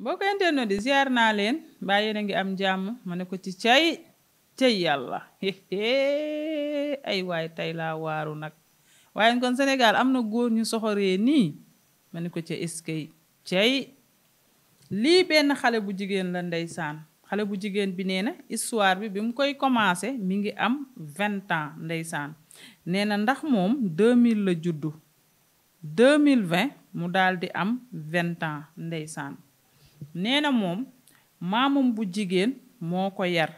mbokk internet di ziar naa leen mbaa yéen a ngi am jàmm ma ne ko ci cay ca yàlla ay waay tey laa waaru nag waaye kon Sénégal am na góor ñu soxoree nii ma ne ko ci eskay cay lii benn xale bu jigéen la ndeysaan xale bu jigéen bi nee na histoire bi bi mu koy commencé mi ngi am vingt ans ndeysaan nee na ndax moom mille la juddu mille 2020 mu dal di am vingt ans ndeysaan neena moom maamum bu jigéen moo ko yar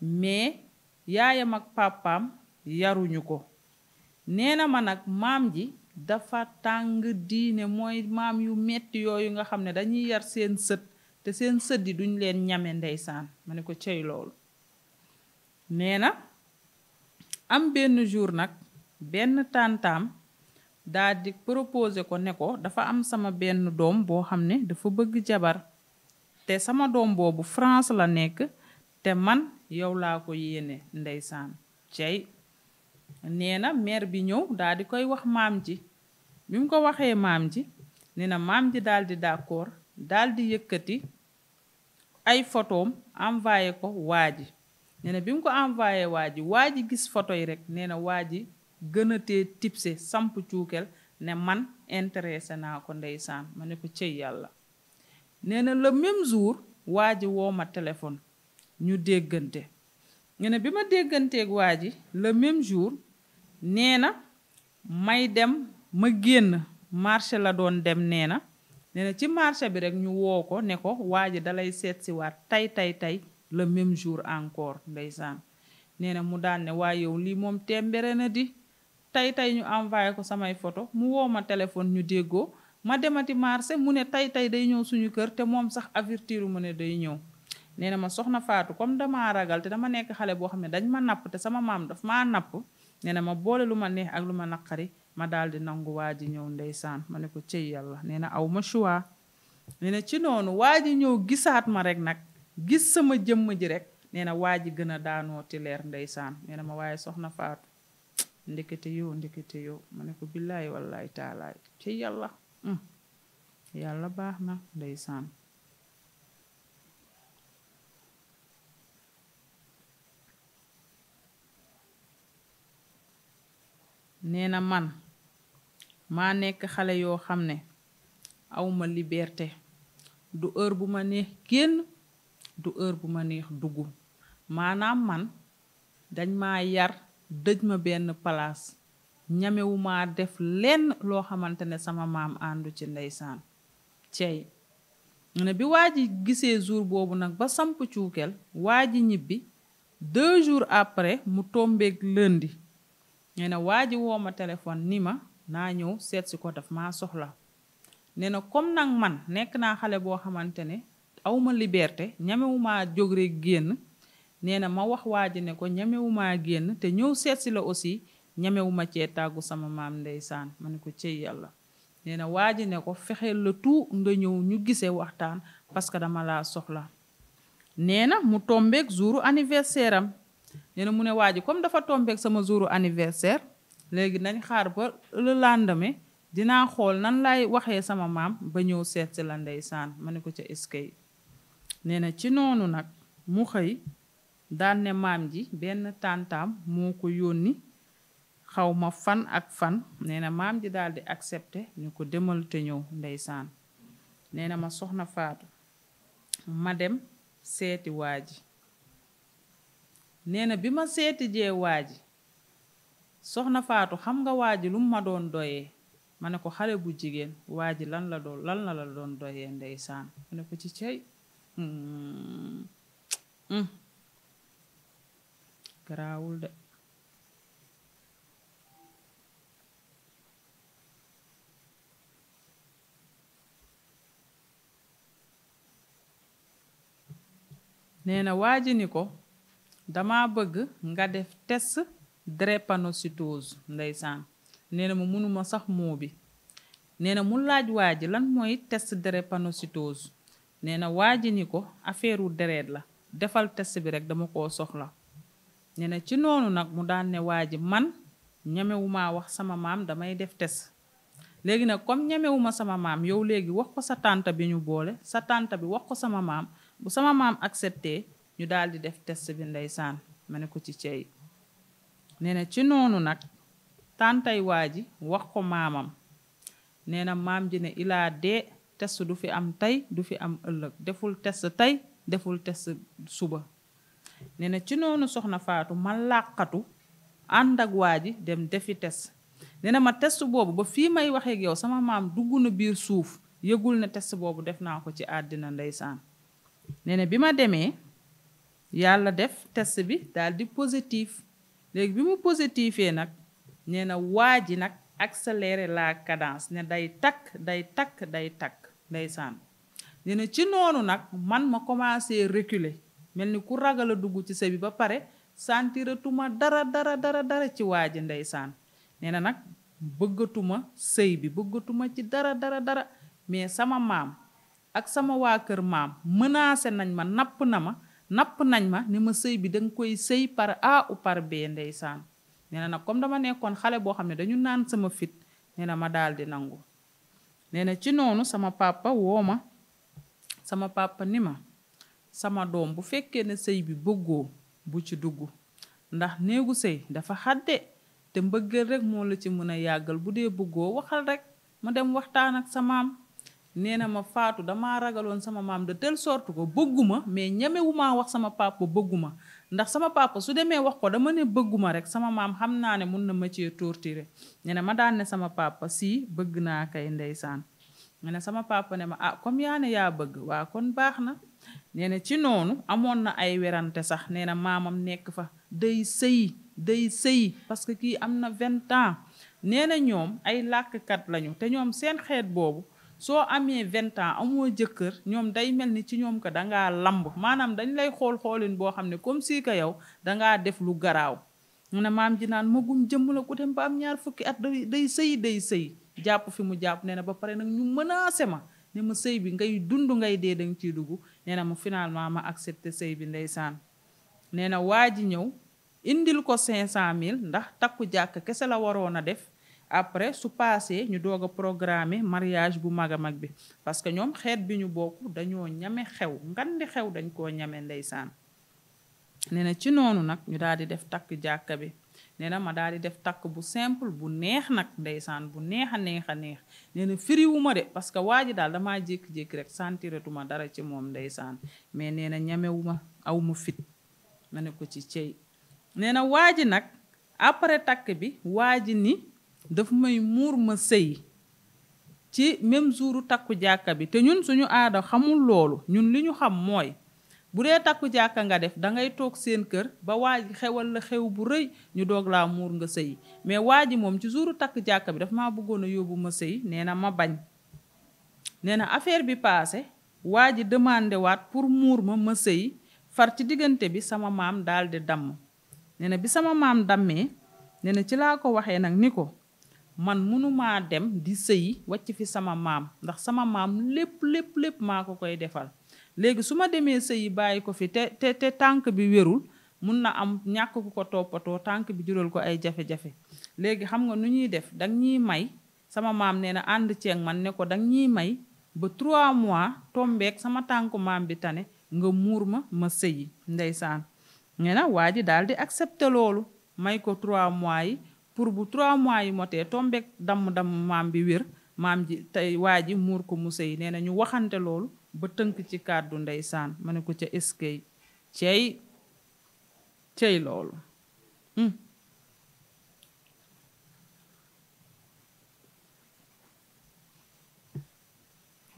mais yaayam ak papaam yaruñu ko neena ma nag maam ji dafa tàng diine mooy maam yu metti yooyu nga xam ne dañuy yar seen sët te seen sët yi duñ leen ñame ndeysaan ma ne ko cey loolu nee na am benn jour nag benn tàntaam daa di proposé ko ne ko dafa am sama benn doom boo xam ne dafa bëgg jabar te sama doom boobu France la nekk te man yow laa ko yéene ndeysaan cey nee na mère bi ñëw daa di koy wax maam ji bi mu ko waxee maam ji nee na maam ji daal di d'accord dal di yëkkati ay photoom envoyé ko waa ji nee na bi mu ko envoyé waa ji waa ji gis photo yi rekk nee na waa ji gën a tee tipse samp cuukeel ne man intéressé naa ko ndeysaan ma ne ko cëy yàlla nee na le jour waa ji woo ma téléphone ñu déggante ñu ne bi ma dégganteeg waa ji le même jour nee na may dem ma génn marché la doon dem nee na ci marché bi rek ñu woo ko ne ko waa ji dalay seet si tey tey tey le même jour encore ndeysaan nee mu daan ne waa yow lii moom tembere na di tey tey ñu envoyé ko samay photo mu woo ma téléphone ñu déggoo ma demati marché mu ne tey tey day ñëw suñu kër te moom sax avertiru ma ne day ñëw nee na ma soxna Faatu comme dama ragal te dama nekk xale boo xam ne dañ ma napp te sama maam daf maa napp nee na ma boole lu ma neex ak lu ma naqari ma daal di nangu waa ji ñëw ndeysaan ma ne ko cëy yàlla nee na aw ma choix nee na ci noonu waa ji ñëw gisaat ma rek nag gis sama jëmm ji rek nee na waa ji gën a daanooti leer ndeysaan nee ma waaye soxna Faatu ndekete yow ndekete yow ma ne ko billaay wallaay taalaay ci yàlla hmm. yàlla baax na ndeysaan nee na man maa nekk xale yoo xam ne awma liberté du heure bu ma neex génn du ër bu ma neex dugg maanaam man dañ ma yar dëj ma benn palaas ñamewumaa def lenn loo xamante ne sama maam àndu ci ndeysaan cey ne bi waa ji gisee jour boobu nag ba samp cuukeel waa ji ñibbi deux jours après mu tombeek lundi nee na waa ji woo ma téléphone ni ma naa ñëw seetsi ko daf maa soxla nee na comme nag man nekk naa xale boo xamante ne awma liberté ñamewumaa jóg rek génn nee na ma wax waa ji ne ko ñamewumaa génn te ñëw seet si la aussi ñamewuma cee tàggu sama maam ndeysaan ma ne ko cëy yàlla nee na waa ji ne ko fexeel la tout nga ñëw ñu gisee waxtaan parce que dama laa soxla nee na mu tombeek jouru anniversaire am nee na mu ne waa ji comme dafa tombeek sama jouru anniversaire léegi nañ xaar ba le lendemain dinaa xool nan lay waxee sama maam ba ñëw seet la ndeysaan ma ne ko ca eskay nee na ci noonu nag mu xëy daan ne maam ji benn tàntam moo ko yónni xaw ma fan ak fan nee maam ji daal di accepté ñu ko demal te ñëw ndeysaan nee na ma soxna faatu ma dem seeti waa ji na bi ma seeti jee waa soxna faatu xam nga waa ji lu mu ma doon doyee ma ne ko xale bu jigéen waa ji lan la doon lan la la doon doyee ndeysaan ma ne ko ci cey hmm, hmm, hmm, garaawul de nee waa ji ni ko dama bëgg nga def test drépanocytose ndeysaan nee na mu mënuma sax moo bi nee na mu laaj waa ji lan mooy test drépanocytose nee na waa ji ni ko affaire u deret la defal test bi rekk dama koo soxla ne ci noonu nag mu daan ne waa ji man ñemewumaa wax sama maam damay def tes léegi nag comme ñemewuma sama maam yow léegi wax ko sa tànta bi ñu boole sa tànta bi wax ko sama maam bu sama maam accepté ñu daldi def test bi ndeysaan ma ne ko ci cey nee na ci noonu nag tàntay waa ji wax ko maamam nee na maam ji ne ilaa dee test du fi am tey du fi am ëllëg deful test tey deful tes suba nee ci noonu soxna faatu ma làqatu ànd ak waa ji dem defi test nee ma test boobu ba fii may waxeeg ak yow sama maam dugg na biir suuf yëgul ne test boobu def naa ko ci àddina ndeysaan nee na bi ma demee yàlla def test bi daal di positif léegi bi mu positifee nag nee na waa ji nag accélérer la cadence ne day takk day takk day takk ndeysaan nee ci noonu nag man ma commencé reculer mel ni ku ragal a dugg ci sëy bi ba pare santiratuma dara dara dara dara ci waa ji ndeysaan nee na nag bëggatuma sëy bi bëggatuma ci dara dara dara mais sama maam ak sama waa kër maam menacé nañ ma napp na ma napp nañ ma ni ma sëy bi danga koy sëy par A ou par B ndeysaan nee na nag comme dama nekkoon xale boo xam ne dañu naan sama fit nee na ma daal di nangu nee na ci noonu sama papa woo ma sama papa ni ma sama doom bu fekkee ne sëy bi bëggoo bu ci dugg ndax néegu sëy dafa xadde te mbëggeel rek moo la ci mën a yàggal bu dee bëggoo waxal rek ma dem waxtaan ak sa maam nee na ma faatu dama ragaloon sama maam de telle sorte ko bëgguma mais ñemewumaa wax sama papa bëgguma ndax sama papa su demee wax ko dama ne bëgguma rek sama maam xam naa ne mun na ma cee torturer nee na ma daan ne sama papa si bëgg naa kay ndeysaan nee sama papa ne ma ah comme yaa ne nee na ci noonu amoon na ay werante sax nee na maamam nekk fa day sëyi day sëy parce que kii am na vingt ans nee na ñoom ay làkkat lañu te ñoom seen xeet boobu soo amee vingt ans amoo jëkkër ñoom day mel ni ci ñoom ko dangaa lamb maanaam dañ lay xool xoolin boo xam ne comme si que yow dangaa def lu garaaw mu ne maam ji naan magum jëmm la ku dem ba am ñaar fukki at day sëy day sëy jàpp fi mu jàpp nee na ba pare nag ñu menacé ma ne ma sëy bi ngay dund ngay dee danga ciy dugg nee na mu finalement ma accepté sëy bi ndeysaan nee na waa ji ñëw indil ko mille ndax takku jàkk kese la waroon a def après su paasee ñu doog a programmer mariage bu mag a mag bi parce que ñoom xeet bi ñu bokk dañoo ñame xew ngandi xew dañ koo ñame ndeysaan nee na ci noonu nag ñu daal di def takk jàkka bi nee na ma daal di def takk bu simple bu neex nag ndeysaan bu neex a neex a neex nee na firiwu de parce que waa daal damaa jékki-jékki rek sentiratuma dara ci moom ndeysaan mais nee na ñamewu ma aw fit ma ne ko ci cey nee na waa ji nag après takk bi waa ji ni dafa may muur ma sëy ci même jouru takku jàkka bi te ñun suñu aada xamul loolu ñun li ñu xam mooy bu dee takku jàkka nga def dangay toog seen kër ba waa ji xewal la xew bu rëy ñu doog laa muur nga sëy mais waa ji moom ci jouru takk jàkk bi dafa maa bëggoon a yóbbu ma sëy nee na ma bañ nee na affaire bi passé waa ji demandé pour muur ma ma sëy far ci diggante bi sama maam daal di damm nee bi sama maam dammee nee na ci laa ko waxee nag ni ko man mënumaa dem di sëyi wàcc fi sama maam ndax sama maam lépp lépp lépp maa ko koy defal léegi su ma demee sëyi bàyyi ko fi te te te tànk bi wérul mun na am ñàkk ko toppatoo tànk bi jural ko ay jafe-jafe léegi xam nga nu ñuy def dang ñuy may sama maam nee na ànd ceeg man ne ko dang ñuy may ba trois mois tombeek sama tànku maam bi tane nga muur ma ma sëyi ndeysaan nee na waa ji daal di accepté loolu may ko trois mois yi pour bu trois mois yi motee tombeek damm-damm maam bi wér maam ji tey waa ji muur ko mu sëyi nee na ñu waxante loolu ba tënk ci kàddu ndeysaan ma ne ko ca eskay cey cey loolu hmm.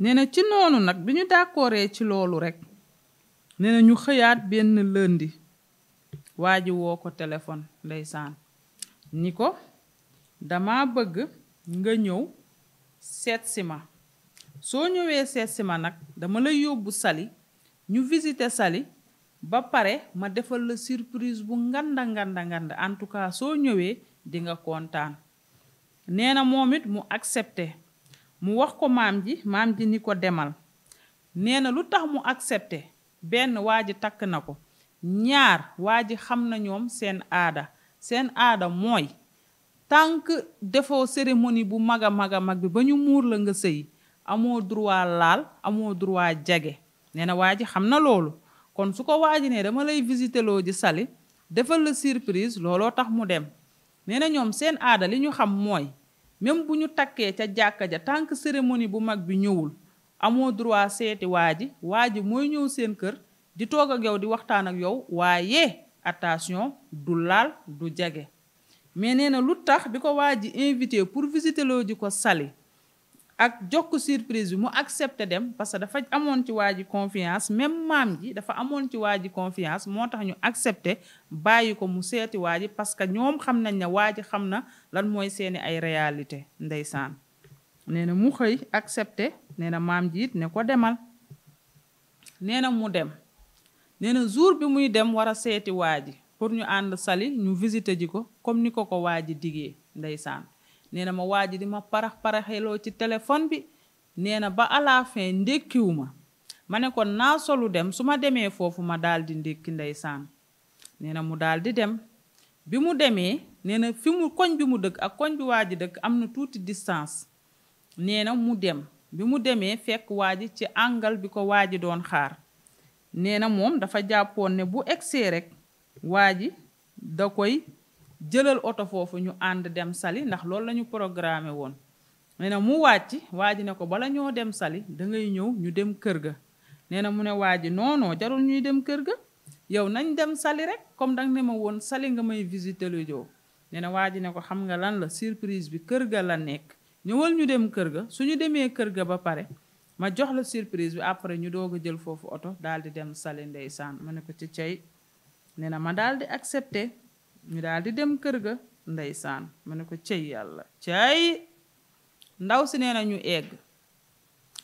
nena ci noonu nag bi ñu dàkkooree ci loolu rekk nee ñu xëyaat benn lëndi waa ji woo ko téléphone ndeysaan ni ko dama bëgg nga ñëw seet si ma soo ñëwee seetsi ma nag dama lay yóbbu sali ñu visiter sali ba pare ma defal la surprise bu nganda nganda nganda en tout cas soo ñëwee dinga kontaan nee na moom it mu accepté mu wax ko maam ji ni ko demal nee na lu tax mu accepté benn waa ji takk na ko ñaar waa ji xam na ñoom seen aada seen aada mooy tànk defoo cérémonie bu mag a mag a mag bi ba ñu muur la nga sëy amoo droit laal amoo droit jage nee na waa ji xam na loolu kon su ko waaji ne dama lay visité loo ji sali defal la surprise looloo tax mu dem nee na ñoom seen aada li ñu xam mooy même bu ñu takkee ca jàkka ja tànk sérémonie bu mag bi ñëwul amoo droit seeti waa ji waa ji mooy ñëw seen kër di toog ak yow di waxtaan ak yow waaye attention du laal du jage mais nee na lu tax bi ko waa ji invité pour visité loo ji ko sali ak jox ko surprise bi mu accepté dem parce que dafa amoon ci waa ji confiance même maam ji dafa amoon ci waa ji confiance moo tax ñu accepté bàyyi ko mu seeti waa ji parce que ñoom xam nañ ne waaji xam na lan mooy seeni ay réalité ndeysaan nee na mu xëy accepté nee na maam ji it ne ko demal nee na mu dem nee na jour bi muy dem war a seeti waa ji pour ñu ànd sali ñu visité ji ko comme ni ko ko waa ji digee ndeysaan nee na ma waa ji di ma parax paraxeloo ci téléphone bi nee na ba à la ma ma ne kon naa solu dem su ma demee foofu ma daldi ndékki ndeysaan nee na mu daldi dem bi mu demee nee na fi mu koñ bi mu dëkk ak koñ bi waa ji dëkk am na tuuti distance nee na mu dem bi mu demee fekk waa ji ci àngal bi ko waa ji doon xaar nee na moom dafa jàppoon ne bu egsee rekk waa ji da koy jëlal oto foofu ñu ànd dem sali ndax loolu la ñu programmé woon nee na mu wàcc waa ji ne ko bala ñoo dem sali da ngay ñëw ñu dem kër ga nee na mu ne waa ji noonoo jarul ñuy dem kër ga yow nañ dem sali rek comme danga ne ma woon sali nga may visiter lu nee na waa ji ne ko xam nga lan la surprise bi kër ga la nekk ñëwal ñu dem kër ga suñu demee kër ga ba pare ma jox la surprise bi après ñu doog a jël foofu oto daal di dem sali ndeysaan ma ne ko ci cey nee na ma daal di accepté ñu daal dem kër ga ndeysaan ma ne ko cey yàlla cey ndaw si nee na ñu egg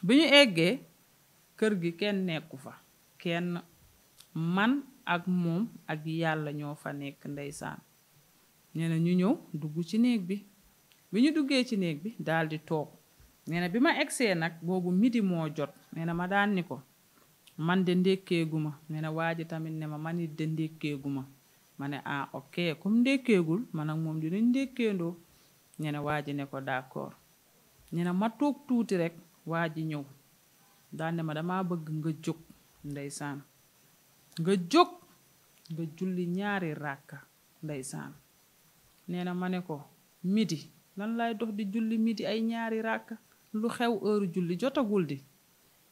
bi ñu eggee kër gi kenn nekku fa kenn man ak moom ak yàlla ñoo fa nekk ndeysaan nee ñu ñëw dugg ci néeg bi bi ñu duggee ci néeg bi daldi toog nee bi ma egsee nag boobu miti moo jot nee ma daan ni ko man de ndékkeegu ma nee waa ji tamit ne ma man it de ma ne ah ok comme ndékkeegul man ak moom dinañ ndékkeendoo ñu ne waa ji ne ko d'accord ñu ne ma toog tuuti rekk waa ji ñëw daal ne ma dama bëgg nga jóg ndeysaan nga jóg nga julli ñaari ràkka ndeysaan nee na ma ne ko midi lan laay dox di julli midi ay ñaari ràkka lu xew heure julli jotagul di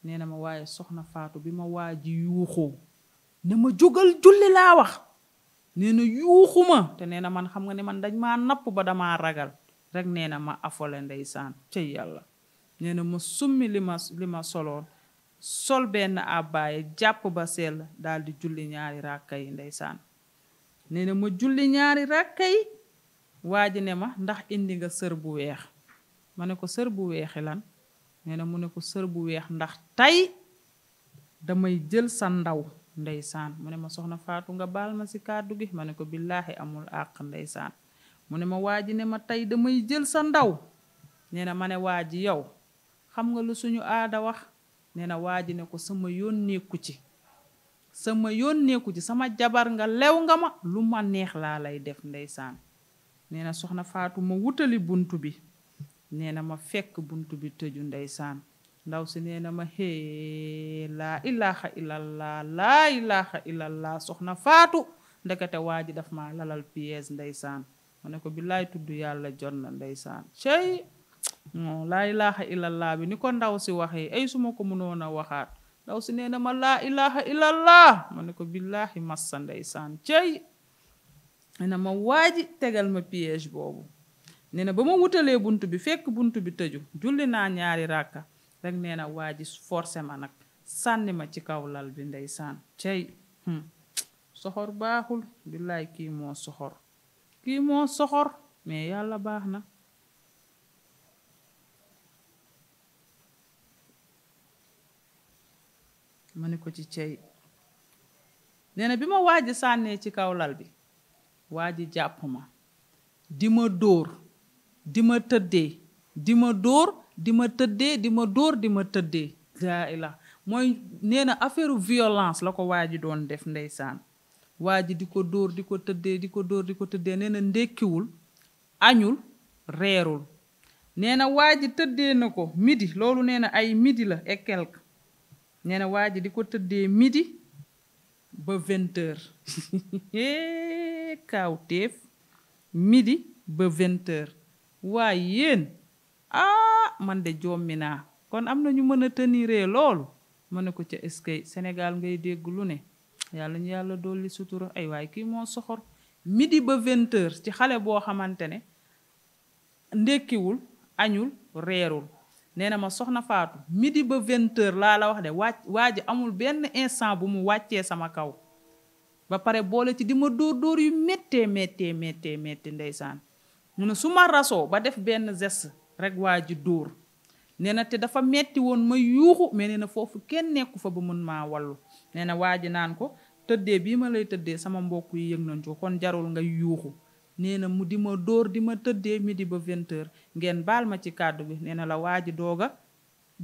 nee na ma waaye soxna Faatu bi ma waa ji yuuxoo ne ma jógal julli laa wax nee na yuuxuma te nee na man xam nga ne man dañ maa napp ba dama ragal rekk nee na ma afole ndeysaan cëy yàlla nee na ma summi li ma li ma soloon sol benn àbbaaye jàpp ba sell daal di julli ñaari ràkka yi ndeysaan nee na ma julli ñaari ràkka yi waa ji ne ma ndax indi nga sër bu weex ma ne ko sër bu weexi lan nee na mu ne ko sër bu weex ndax tey damay jël sa ndaw ndeysaan mu ne ma soxna faatu nga baal ma si kàddu gi ma ne ko billaahi amul àq ndeysaan mu ne ma waa ji ne ma tey damay jël sa ndaw nee na ma ne waa ji yow xam nga lu suñu aada wax nee na waa ji ne ko sama yónneeku ci sama yoon yónneeku ci sama jabar nga lew nga ma lu ma neex laa lay def ndeysaan nee na soxna faatu ma wutali bunt bi nee na ma fekk bunt bi tëju ndeysaan ndaw si nee na ma xée waxee laa ilaha illallah laa ilaha illallah soxna faatu ndekete waa ji daf ma lalal pièce ndeysaan ma ne ko billaay tudd yàlla jot na ndeysaan cey non ni ko ndaw si waxee ay ma ko mënoon a waxaat si nee na ma laa ilaha illallah ma ne ko billaaxi massa ndeysaan cey nee na ma waaji tegal ma piège boobu nee na ba ma wutalee bunt bi fekk bunt bi tëju julli naa ñaari ràkka rek nee waaji forcé nag sànni ma ci kaw lal bi ndeysaan cey hmm, soxor baaxul billaay kii moo soxor kii moo soxor mais yàlla baax na ma ni ko ci cey nee bi ma waaji sànnee ci kaw lal bi waaji jàpp ma di ma dóor di ma tëddee di ma dóor di ma tëddee di ma dóor di ma tëddee laa ilaa mooy nee na affaire violence la ko waa ji doon def ndeysaan waa ji di ko dóor di ko tëddee di ko dóor di ko tëddee nee na ndékkiwul añul reerul nee na waa ji tëddee na ko midi loolu nee na ay midi la et quelque waa ji di ko tëddee midi ba vingt heures kaawteef midi ba vingt heures waaye yéen ah man de jommi naa kon am na ñu mën a teniree loolu ma ne ko ca eskay Sénégal ngay dégg lu ne yàlla ñu yàlla dolli sutura ay waay kii moo soxor midi ba vingt ci xale boo xamante ne ndékkiwul añul reerul nee na ma soxna Faatu midi ba vingt laa la wax de wàcc waa ji amul benn instant bu mu wàccee sama kaw ba pare boole ci di ma dóor dóor yu méttee méttee méttee métti ndeysaan mu ne su ma rasoo ba def benn geste rekk waa ji dóor nee na te dafa metti woon ma yuuxu mais nee na foofu kenn nekku fa ba mën maa wallu nee na waa ji naan ko tëdde bii ma lay tëddee sama mbokk yi yëg nañ ko kon jarul nga yuuxu nee na mu di ma dóor di ma tëddee midi ba vingt ngeen baal ma ci kàddu gi nee na la waaji dooga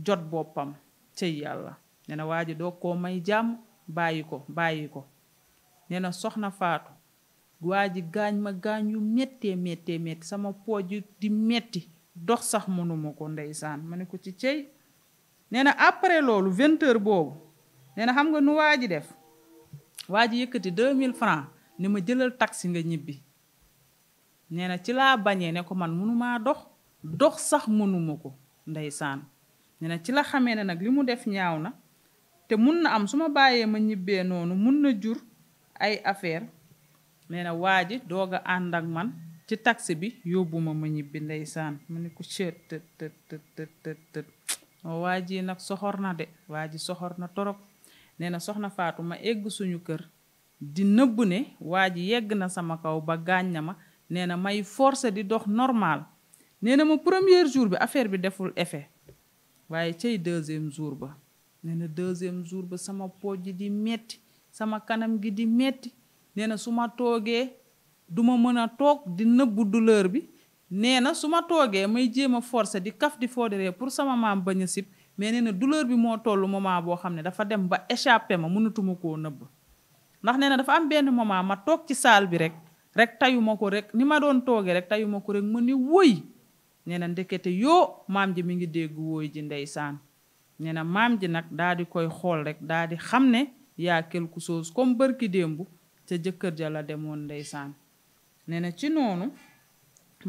jot boppam cëy yàlla nee na waa ji doog koo may jàmm bàyyi ko bàyyi ko nee na soxna faatu waa ji gaañ ma gaañ yu méttee méttee métti sama pooj di metti dox sax mënuma ko ndeysaan ma ne ko ci cey nee na après loolu vingt heures boobu nee na xam nga nu waa ji def waa ji yëkkati deux mille francs ni ma jëlal taxi nga ñibbi nee na ci laa bañee ne ko man mënumaa dox dox sax mënuma ko ndeysaan nee na ci la xamee ne nag li mu def ñaaw na te mun na am su ma bàyyee ma ñibbee noonu mun na jur ay affaire nee na waa ji doog a ànd ak man ci taxi bi yóbbu ma ma ñibbi ndeysaan mu ne ko cër tët tët tët tët tët waa ji nag soxor na de waa ji soxor na torop nee na soxna Faatu ma egg suñu kër di nëbb ne waa ji yegg na sama kaw ba gaañ na ma nee na may forcé di dox normal nee na ma premier jour bi affaire bi deful effet waaye cay deuxième jour ba nee na deuxième jour ba sama pooj ji di metti sama kanam gi di metti nee na su ma toogee duma mën a toog di nëbbu douleur bi nee na su ma toogee may jéem a forcer di kaf di fooderee pour sama maam bañ a sib mais nee na bi moo toll moment boo xam ne dafa dem ba échappé ma mënatuma koo nëbb ndax nee na dafa am benn moment ma toog ci saal bi rek rek tayu ko rek ni ma doon toogee rek tayu ko rek ma ni woy nee na ndekete yoo maam ji mi ngi dégg wooy ji ndeysaan nee na maam ji nag daa di koy xool rek daa di xam ne yaa quelque chose comme bërki démb ca jëkkër ja la demoon ndeysaan nee na ci noonu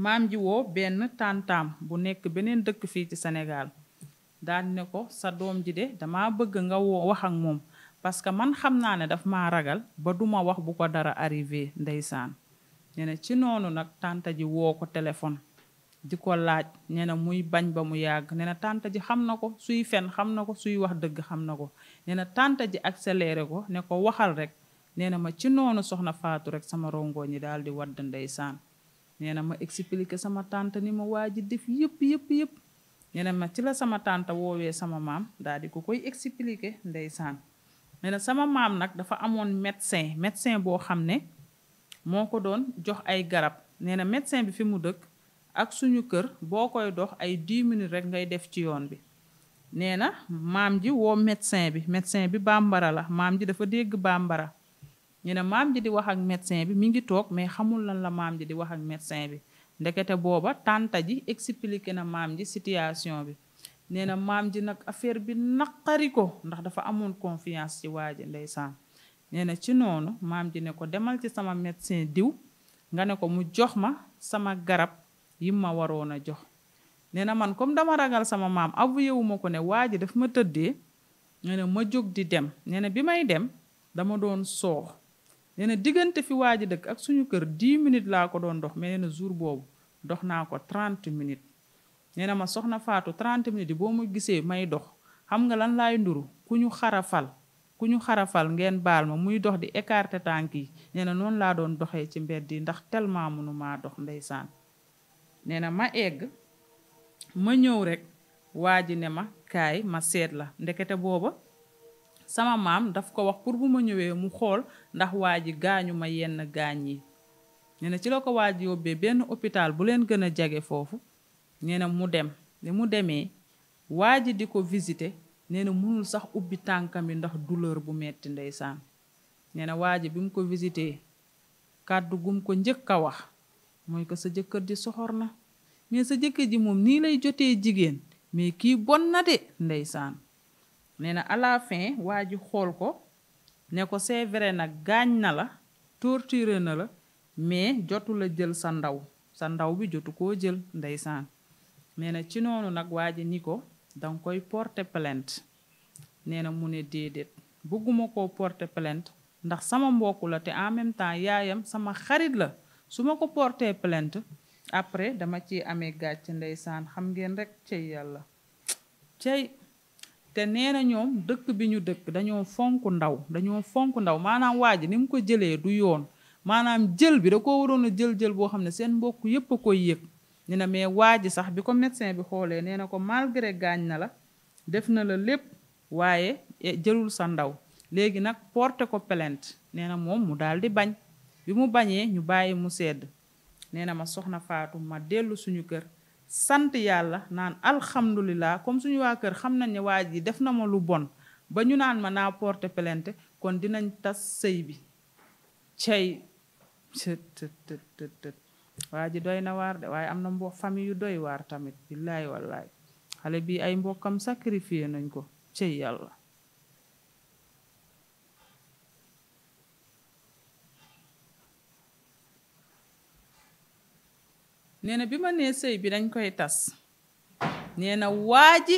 maam ji woo benn tàntaam bu nekk beneen dëkk fii ci Sénégal daal ne ko sa doom ji de dama bëgg nga woo wax ak moom parce que man xam naa ne dafa maa ragal ba duma wax bu ko dara arrivé ndeysaan nee ci noonu nag tànta ji woo ko téléphone di ko laaj nee na muy bañ ba mu yàgg nee na tànta ji xam na ko suy fenn xam na ko suy wax dëgg xam na ko nee na tànta ji accéléré ko ne ko waxal rek nee na ma ci noonu soxna faatu rek sama rongoo ñi daal di wadd ndeysaan nee na ma expliqué sama tante ni ma waa ji def yëpp yëpp yëpp nee na ma ci la sama tante woowee sama maam daal di ko koy expliqué ndeysaan nee sama maam nag dafa amoon médecin médecin boo xam ne moo ko doon jox ay garab nee na médecin bi fi mu dëkk ak suñu kër boo koy dox ay 10 minutes rek ngay def ci yoon bi nee na maam ji woo médecin bi médecin bi bambara la maam ji dafa dégg bambara ñu ne maam ji di wax ak médecin bi mi ngi toog mais xamul lan la maam ji di wax ak médecin bi ndekete booba tànta ji expliqué na maam ji situation bi nee na maam ji nag affaire bi naqari ko ndax dafa amoon confiance ci waa ji ndeysaan nee na ci noonu maam ji ne ko demal ci sama médecin diw nga ne ko mu jox ma sama garab yi ma waroon a jox nee na man comme dama ragal sama maam avoué wu ko ne waa ji daf ma tëddee nee na ma jóg di dem nee na bi may dem dama doon soow nee diggante fi waa ji dëkk ak suñu kër 10 minutes laa ko doon dox mais nee na jour boobu dox naa ko 30 minutes. nee na ma soxna Faatu 30 minutes yi boo ma gisee may dox xam nga lan laay nduru ku ñu xarafal ku ñu xarafal ngeen baal ma muy dox di écarter tànk yi nee na noonu laa doon doxee ci mbedd yi ndax tellement mënu maa dox ndeysaan. nee na ma egg ma ñëw rekk waa ji ne ma kaay ma seet la ndekete booba. sama maam daf ko wax pour bu ma ñëwee mu xool ndax waa ji gaañu ma yenn gaañ yi nee na ci la ko waa ji yóbbee benn hôpital bu leen gën a jege foofu nee na mu dem ne mu demee waa ji di ko visiter nee na mënul sax ubbi tànkam yi ndax douleur bu metti ndeysaan nee na waa ji bi mu ko visiter kàddu gum ko njëkk a wax mooy ko sa jëkkër ji soxor na mais sa jëkkër ji moom nii lay jotee jigéen mais kii bon na de ndeysaan nee na à waa ji xool ko ne ko c'est vrai nag gaañ na la torturé na la mais jotu la jël sa ndaw sa ndaw bi jotu koo jël ndeysaan nee na ci noonu nag waa ji ni ko danga koy porter plaint nee na mu ne déedéet bëgguma koo porte plainte ndax sama mbokk la te en même temps yaayam sama xarit la su ma ko porter plainte après dama ci amee gàcc ndeysaan xam ngeen rek cey yàlla cey te nee na ñoom dëkk bi ñu dëkk dañoo fonk ndaw dañoo fonk ndaw maanaam waa ji ni mu ko jëlee du yoon maanaam jël bi da ko waroon a jël-jël boo xam ne seen mbokk yépp a koy yëg ñu ne mais waa ji sax bi ko médecin bi xoolee nee na ko malgré gaañ na la def na la lépp waaye e, jëlul sa ndaw léegi nag porter ko plainte nee na moom mu daal di bañ bi mu bañee ñu bàyyi mu sedd nee na ma soxna Faatu ma dellu suñu kër sant yàlla naan alhamdulilah comme suñu waa kër xam nañ ne waa ji def na ma lu bon ba ñu naan ma naa porte plainte kon dinañ tas sëy bi cey waa ji doy na waar de waaye am na mbo famille yu doy waar tamit billaay wallaay xale bii ay mbokkam sacrifié nañ ko cey yàlla nee na bi ma nee sëy bi dañ koy tas nee na waa ji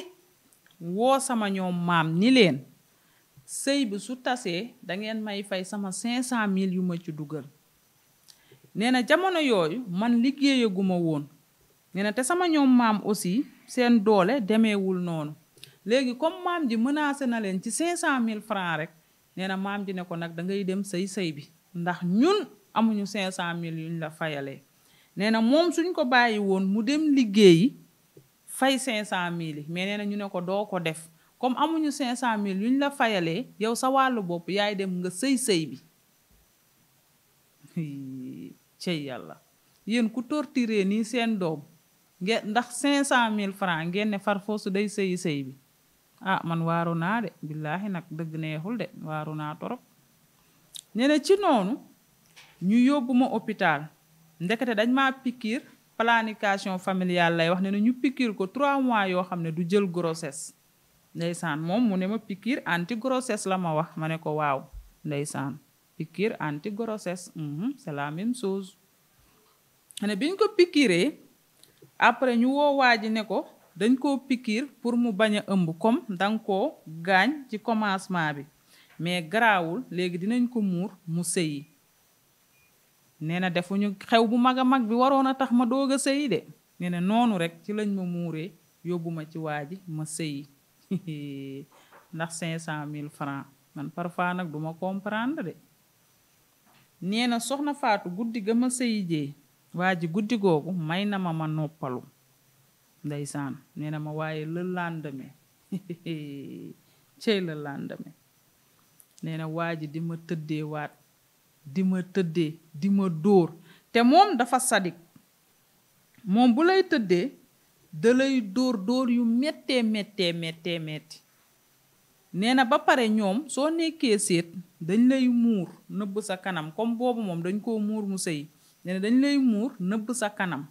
woo sama ñoom maam ni leen sëy bi su tasee dangeen may fay sama cinq cent mille yu ma ci dugal nee na jamono yooyu man liggéeyaguma woon nee te sama ñoom maam aussi seen doole demeewul noonu léegi comme maam ji menacé na leen ci cinq cent mille francs rek nee na maam ji ne ko nag da ngay dem sëy sëy bi ndax ñun amuñu cinq cent mille yuñ la fayalee nee na moom suñ ko bàyyi woon mu dem liggéeyi fay 500000 mille mais nee na ñu ne ko doo ko def comme amuñu 500000 yuñ la fayalee yow sa wàllu bopp yaay dem nga sëy-sëy bi cey yàlla yéen ku torturé nii seen doom ndax ndax 500000 francs ngeen ne far su day sëy-sëy bi ah man waaru naa de billaahi nag dëgg neexul de waaru naa torop ñene ci noonu ñu yóbbu ma hôpital ndekete dañ ma pikiir planification familiale lay wax ne na ñu pikiir ko trois mois yoo xam ne du jël grossesse ndeysaan moom mu ne ma pikiir anti grossesse la ma wax ma ne ko waaw ndeysaan pikiir anti grossesse mhm, c'est la même chose ne bi ñu ko pikiiree après ñu woo waa ji ne ko dañ koo pikiir pour mu bañ a ëmb comme danga koo gaañ ci commencement bi mais garaawul léegi dinañ ko muur mu sëyi nee na defuñu xew bu mag a mag bi waroon a tax ma doog a sëyi de nee noonu rek ci lañ ma muuree yóbbu ci waa ji ma sëyi ndax cinq cent mille francs man parfois nag duma comprendre de nee na soxna faatu guddi ga ma sëyi jee waa ji guddi googu may na ma ma noppalu ndeysaan nee na ma waaye la lendemain cey la lendemain nee na di ma tëddee waat di ma tëddee di ma dóor te moom dafa sadik moom bu lay tëddee da dóor dóor yu méttee méttee méttee métti nee na ba pare ñoom soo nekkee seet dañ lay muur nëbb sa kanam comme boobu moom dañ koo muur mu sëy nee dañ lay muur nëbb sa kanam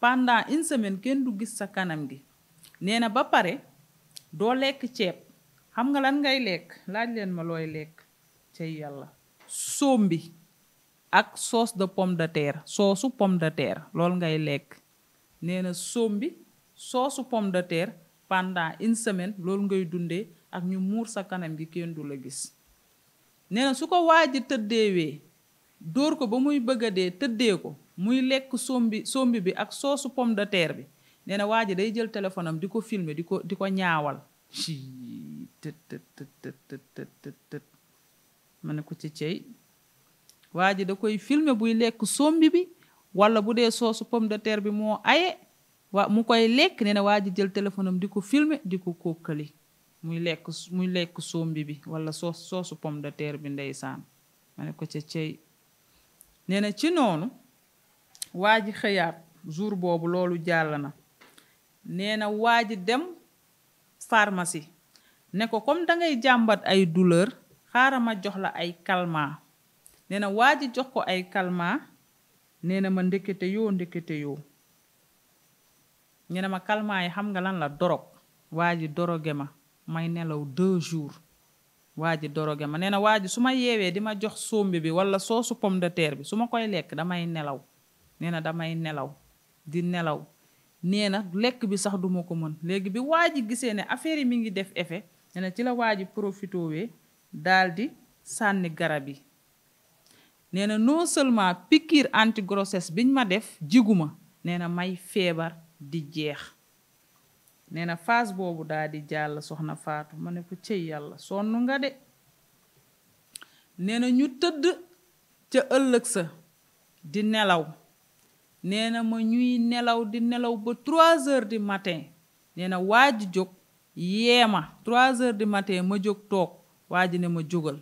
pendant une semaine kenn du gis sa kanam gi nee na ba pare doo lekk ceeb xam nga lan ngay lekk laaj leen ma looy lekk cay yàlla soom bi ak sauce de pomme de terre soosu pomme de terre loolu ngay lekk nee na soom bi soosu pomme de terre pendant une semaine loolu ngay dundee ak ñu muur sa kanam gi kenn du la gis nee su ko waaj a tëddeewee dóor ko ba muy bëgg dee tëddee ko muy lekk sombi sombi bi ak soosu pomme de terre bi nee na waa ji day jël téléphone di ko filme di ko di ko ñaawal. ma ne ko ci cey waa ji da koy filmer buy lekk sombi bi walla bu dee soosu pomme de terre bi moo aye waa mu koy lekk nee na waa ji jël téléphone di ko filmer di ko kókkali muy lekk muy lekk sombi bi wala soos soosu pomme de terre bi ndeysaan ma ne ko ca cey nee na ci noonu waa ji xëyaat jour boobu loolu jàll na nee na waa ji dem pharmacie ne ko comme dangay jàmbat ay douleur xaaral ma jox la ay calmants nee na waa ji jox ko ay calmants nee na ma ndekete yoo ndekete yoo nee na ma calmants yi xam nga lan la dorog waa ji doroge ma may nelaw deux jours waa ji doroge ma nee na waa ji su ma yeewee di ma jox sombi bi wala soosu pomme de terre bi su ma koy lekk damay nelaw nee na damay nelaw di nelaw nee na lekk bi sax duma ko mën léegi bi waa ji gisee ne affaire yi mi ngi def effet nee na ci la waa ji profitowee daldi sànni garab yi nee na non seulement piqûre anti grossesse biñ ma def jiguma nee na may feebar di jeex nee na phase boobu daal di jàll soxna Faatu ma ne ko cëy yàlla sonn nga de nee ñu tëdd ca ëllëg sa di nelaw nee na ma ñuy nelaw di nelaw ba trois heures di matin nee na waaj jóg yee ma trois heures du matin ma jóg toog waa ji ne ma jógal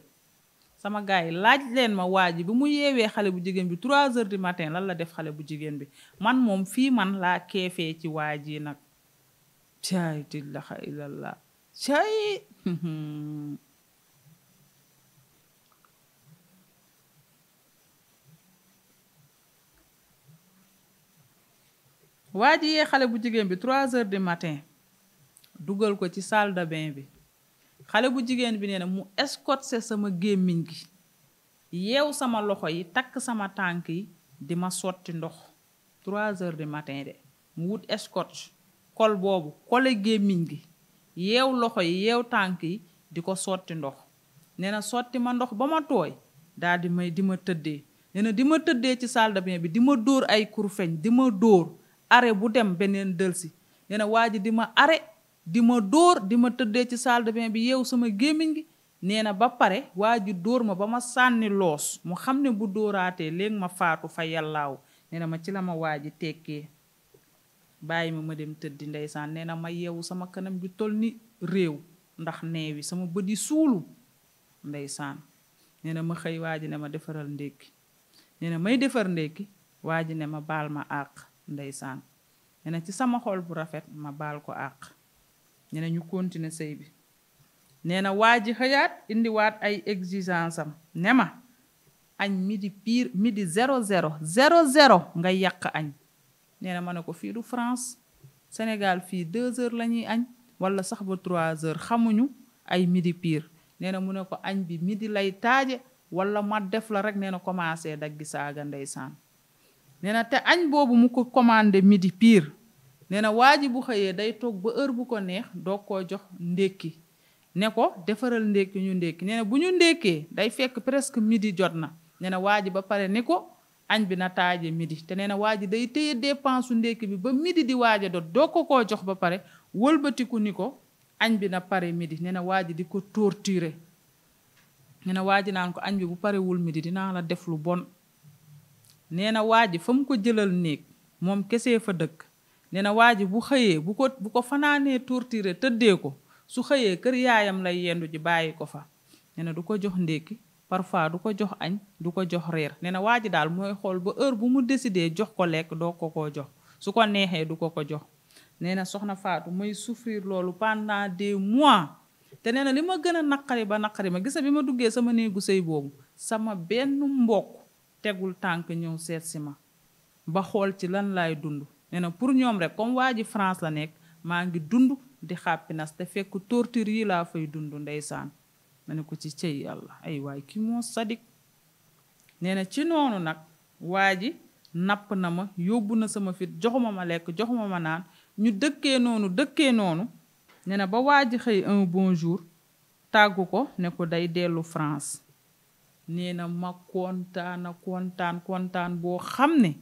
sama gaay yi laaj leen ma waa ji bi mu yeewee xale bu jigéen bi 3 heures du matin lan la def xale bu jigéen bi man moom fii man laa keefee ci waa ji nag caay tillaxa illallah caay waa ji yee xale bu jigéen bi 3 heures du matin dugal ko ci salle de bi xale bu jigéen bi nee na mu escorté sama gémmiñ gi yeew sama loxo yi takk sama tànk yi di ma sotti ndox trois heures du matin de mu wut escorte kol boobu kole gémmiñ gi yeew loxo yi yeew tànk yi di ko sotti ndox nee na sotti ma ndox ba ma tooy daal di may di ma tëddee nee di ma tëddee ci salle bi di ma dóor ay kurfeñ di ma dóor are bu dem beneen dëlsi nee waa ji di ma are di ma dóor di ma tëddee ci salle bi yeew sama gémmiñ gi nee na ba pare waa ji dóor ma ba ma sànni loos mu xam ne bu dóoraatee léegi ma faatu fa yàllaaw nee na ma ci la ma waa ji tekkee bàyyi ma ma dem tëddi ndeysaan nee na ma yeewu sama kanam bi tol ni réew ndax neewi sama bët yi suulu ndeysaan nee ma xëy waa ji ne ma defaral ndékki nee may defar ndékki waa ji ne ma baal ma àq ndeysaan nee ci sama xol bu rafet ma baal ko àq ñu ne ñu continuer sëy bi nee na waa ji xëyaat indiwaat ay exigence am ne ma añ midi pire midi zéro zéro zéro zéro nga yàq añ nee na ma ne ko fii du France Sénégal fii deux heures la ñuy añ wala sax ba trois heures xamuñu ay midi pire nee na mu ne ko añ bi midi lay taaje wala ma def la rek nee na commencé daggi saaga ndeysaan nee te añ boobu mu ko commandé midi pire nee na waa bu xëyee day toog ba heure bu ko neex doog koo jox ndékki ne ko defaral ndékki ñu ndékki nee bu ñu ndékkee day fekk presque midi jot na nee na waa ji ba pare ni ko añ bi na taaje midi te nee na waa ji day téye dépense su ndékki ba midi di waaja dot doog ko koo jox ba pare wëlbatiku ni ko añ bi na pare midi nee na waa ji di ko torturer nee na waa ji naan ko añ bi bu parewul midi dinaa la def lu bon nee na waa ji fa mu ko jëlal néeg moom kese fa dëkk nee na waa bu xëyee bu ko bu ko fanaanee torturé tëddee ko su xëyee kër yaayam lay yendu ji bàyyi ko fa nee du ko jox ndékki parfois du ko jox añ du ko jox reer nee na waa ji daal mooy xool ba heure bu mu décidé jox ko lekk doo ko ko jox su ko neexee du ko ko jox nee na soxna Faatu mooy souffrir loolu naa dee mois te nee na li ma gën a naqari ba naqari ma gisa bi ma duggee sama néegu sëy boobu sama benn mbokk tegul tànk ñëw seet si ma ba xool ci lan laay dund nee na pour ñoom rek comme waa ji France la nekk maa ngi dund di xàppinas te fekk torture yi laa fay dund ndeysaan ma ne ko ci cëy yàlla ay waay moo sadik nee na ci noonu nag waa ji napp na ma yóbbu na sama fit joxuma ma lekk joxuma ma naan ñu dëkkee noonu dëkkee noonu nee na ba waa ji xëy un bon jour tàggu ko ne ko day dellu France nee na ma kontaan kontaan kontaan boo xam ne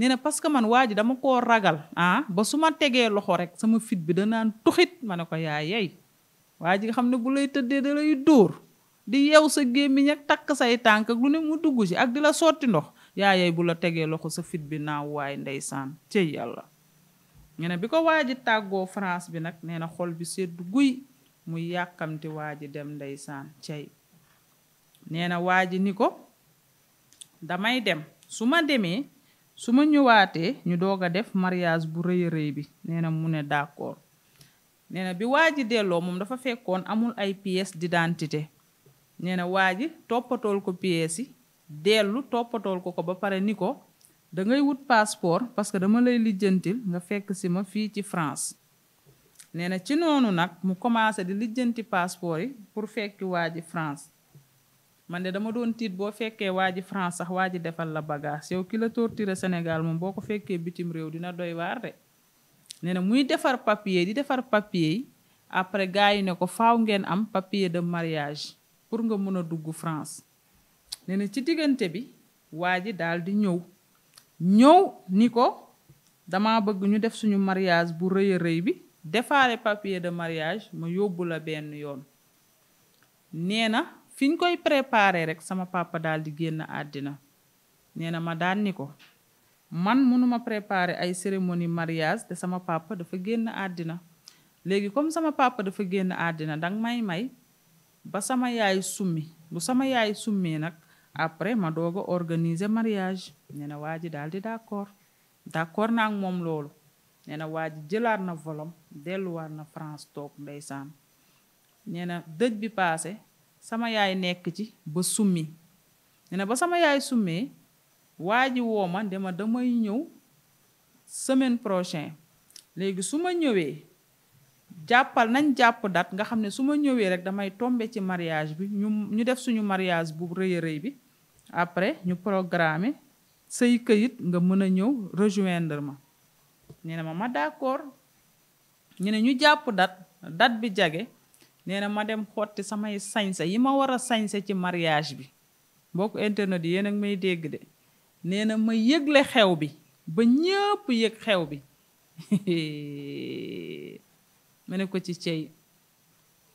nee na parce que man waa ji dama koo ragal ah ba su ma tegee loxo rek sama fit bi da naan tuxit ma ne ko yaa yey waa ji nga xam ne bu lay tëddee da dóor di yew sa gémmiñ ak takk say tànk ak lu ne mu dugg ci ak di la sotti ndox yaa bu la tegee loxo sa fit bi naaw waay ndeysaan cey yàlla ñu ne bi ko waa ji tàggoo France bi nag nee na xol bi seddu guy mu yàkkamti waa ji dem ndeysaan cey nee na waa ji ni ko damay dem su ma demee su ma ñëwaatee ñu doog a def mariage bu rëy a rëy bi nee na mu ne d'accord nee na bi waa ji delloo moom dafa fekkoon amul ay pièces d'identité nee na waa ji toppatool ko pièces yi dellu toppatool ko ko ba pare ni ko da ngay wut passeport parce que dama lay lijjantil nga fekk si ma fii ci France nee na ci noonu nag mu commencé di lijjanti passeport yi pour fekki waa ji France man de dama doon tiit boo fekkee waaji ji France sax waa defal la bagage yow ki la torturé Sénégal moom boo ko fekkee bitim réew dina doy waar de nee na muy defar papier di defar papier yi gars yi ne ko faaw ngeen am papier de mariage pour nga mën a dugg France nee na ci diggante bi waa ji daal di ñëw ñëw ni ko dama bëgg ñu def suñu mariage bu rëy a bi defaale papier de mariage ma yóbbu la benn yoon nee fi ñu koy préparer rek sama papa daal di génn àddina nee na ma daan ni ko man mënuma préparé ay cérémonie mariage te sama papa dafa génn àddina léegi comme sama papa dafa génn àddina danga may may ba sama yaay summi bu sama yaay summi nag après ma doog a organiser mariage nee na waa ji daal di d'accord d'accord naa ak moom loolu nee na waa ji jëlaat na volom delluwaat na France toog ndeysaan nee dëj bi paase sama yaay nekk ci ba summi ne na ba sama yaay summee waa ji woo ma dama damay ñëw semaine prochaine léegi su ma ñëwee jàppal nañ jàpp date nga xam ne su ma ñëwee rek damay tombe ci mariage bi ñu ñu def suñu mariage bu rëy rëy bi après ñu programmer say kayit nga mën a ñëw rejoindre ma nee na ma ma d'accord ñu ne ñu jàpp date date bi jage nee na ma dem xotti samay sañse yi ma war a sañse ci mariage bi mbokk internet yi yéen ak may dégg de nee na ma yëgle xew bi ba ñëpp yëg xew bi ma ne ko ci cey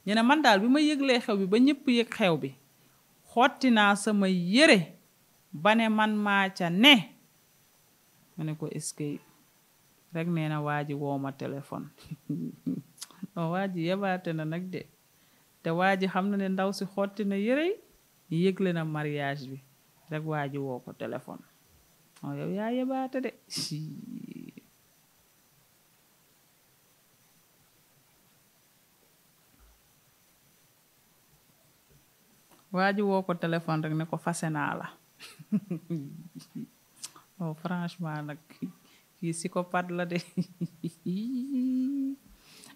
ñu man daal bi ma yëglee xew bi ba ñëpp yëg xew bi xotti naa sama yére ba ne man maa ca ne ma ne ko est-ce que rek nee na waa ji woo ma téléphone yebaate na nag de te waaji xam na ne ndaw si xotti na yére yi yëgle na mariage bi rek waa ji woo téléphone moo yow yaa de waa ji woo ko téléphone rek ne ko fase la oh franchement nag kii psychopathe la de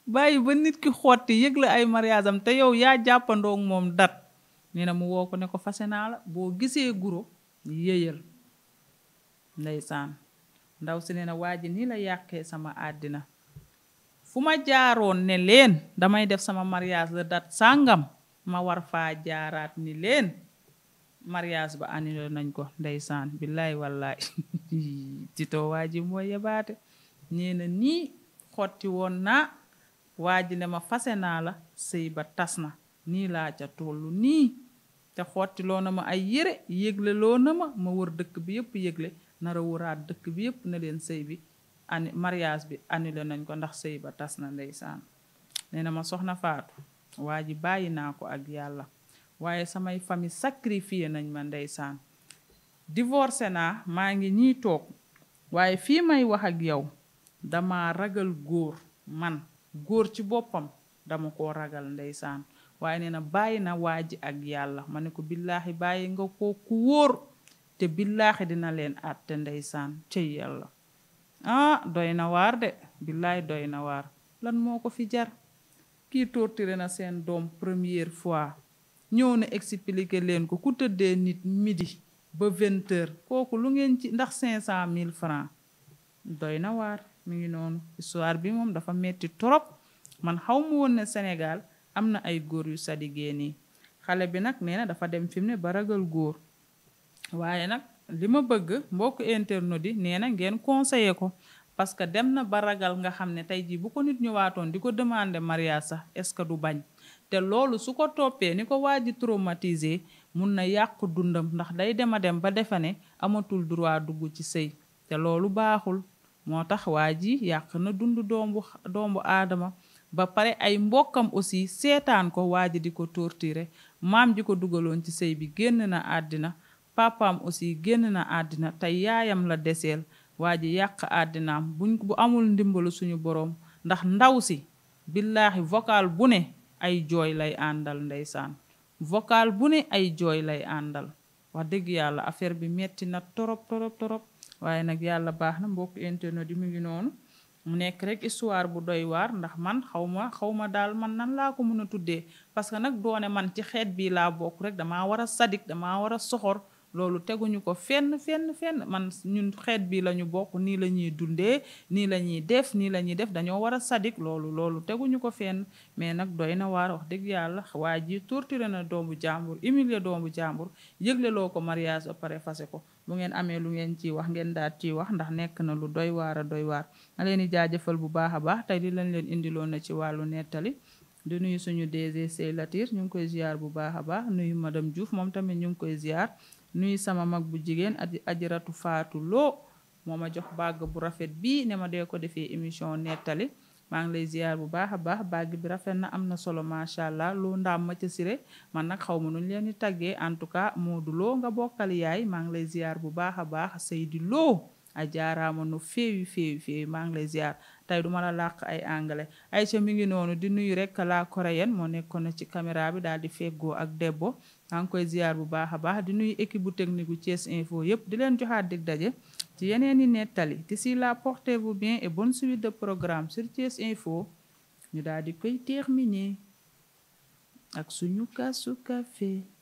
bàyyi ba nit ki xotti yëg ay mariage am te yow yaa jàppandoo moom dat nee na mu woo ko ne ko fase naa la boo gisee guro yéyal ndeysaan ndaw si nee na waa ji nii la yàqee sama àddina fu ma jaaroon ne leen damay def sama mariage la dat sàngam ma war faa jaaraat ni leen mariage ba annulé nañ ko ndeysaan billaay wallaay titoo waa ji moo yebaate nee na nii xotti woon naa waa ji ne ma fase naa la sëy ba tas na nii laa ca tollu nii te xotti loo na ma ay yére yégle loo na ma ma wër dëkk bi yëpp yëgle nara wëraat dëkk bi yëpp na leen sëy bi ani mariage bi annulé nañ ko ndax sëy ba tas na ndeysaan ne na ma soxna faatu waa ji bàyyi naa ko ak yàlla waaye samay famille sacrifié nañ ma ndeysaan divorcé naa maa ngi nii toog waaye fii may wax ak yow dama ragal góor man góor ci boppam dama ko ragal ndeysaan waaye nee na bàyyi na waa ji ak yàlla ma ne ko billaaxi bàyyi nga ko ku wóor te billaaxi dina leen àtte ndeysaan ca yàlla ah doy na waar de billaahi doy na waar lan moo ko fi jar kii torturé na seen doom première fois ñëw na expliqué leen ko ku tëddee nit midi ba vingt kooku lu ngeen ci ndax cinq cent mille francs doy na waar mi noonu histoire bi moom dafa metti trop man xaw ma woon ne Sénégal am na ay góor yu sadigee nii xale bi nag nee na dafa dem fi ne ba ragal góor waaye nag li ma bëgg mbokk internet yi nee na ngeen conseiller ko parce que dem na ba ragal nga xam ne tey jii bu ko nit ñëwaatoon di ko demander mariage sax est-ce que du bañ te loolu su ko toppee ni ko waa ji traumatisé mun na yàq dundam ndax day dema dem ba defe ne amatul droit dugg ci sëy te loolu baaxul moo tax waa ji yàq na dund doombu doombu aadama ba pare ay mbokkam aussi seetaan ko waa ji di ko torturer maam ji ko dugaloon ci sëy bi génn na àddina papaam aussi génn na àddina tey yaayam la deseel waa ji yàq àddinaam buñ bu amul ndimbalu suñu boroom ndax ndaw si billaahi vocal bu ne ay jooy lay àndal ndeysaan vocal bu ne ay jooy lay àndal wax dëgg yàlla affaire bi metti na torop torop torop waaye nag yàlla baax na mbokk internet yi mu ngi noonu mu nekk rek histoire bu doy waar ndax man xaw ma xaw ma daal man nan laa ko mën a tuddee parce que nag doone man ci xeet bii laa bokk rek damaa war a sadik damaa war a soxor loolu teguñu ko fenn fenn fenn man ñun xeet bi la ñu bokk nii la ñuy dundee nii la ñuy def nii la ñuy def dañoo war a sadik loolu loolu teguñu ko fenn mais nag doy na waar wax dëgg yàlla waa ji torturé na doomu jàmbur humilier doomu jàmbur yëgleloo ko mariage ba pare fase ko lu ngeen amee lu ngeen ciy wax ngeen daal ciy wax ndax nekk na lu doy waar a doy waar ma leen di jaajëfal bu baax a baax tey li lañ leen indiloon na ci wàllu nettali di nuyu suñu DG ñu ngi koy ziar bu baax a baax nuyu madame Diouf moom tamit ñu ngi koy ziar nuy sama mag bu jigéen ajaratu faatu loo moo ma jox bàgg bu rafet bii ne ma dee ko defee émission nettali maa ngi lay ziar bu baax a baax bàgg bi rafet na am na solo macha allah loo ndaam ma ca sire man nag xaw ma nuñ leen di tàggee en tout cas Modou Lo nga bokkal yaay maa ngi lay ziar bu baax a baax Seydi loo a jaaraama nu féewi féewi féewi maa ngi lay ziar tey du la làq ay anglais Aïcha mi ngi noonu di nuyu rek la coréenne moo nekkoon na ci caméra bi daal di feggoo ak debbo maa ngi koy ziar bu baax a baax di nuyu équipe bu technique bu Thiès Info yëpp di leen joxaat dig daje ci yeneen i nettali si la portez-vous bien et bonne suite de programme sur Thiès Info ñu daal di koy terminer ak suñu kaasu café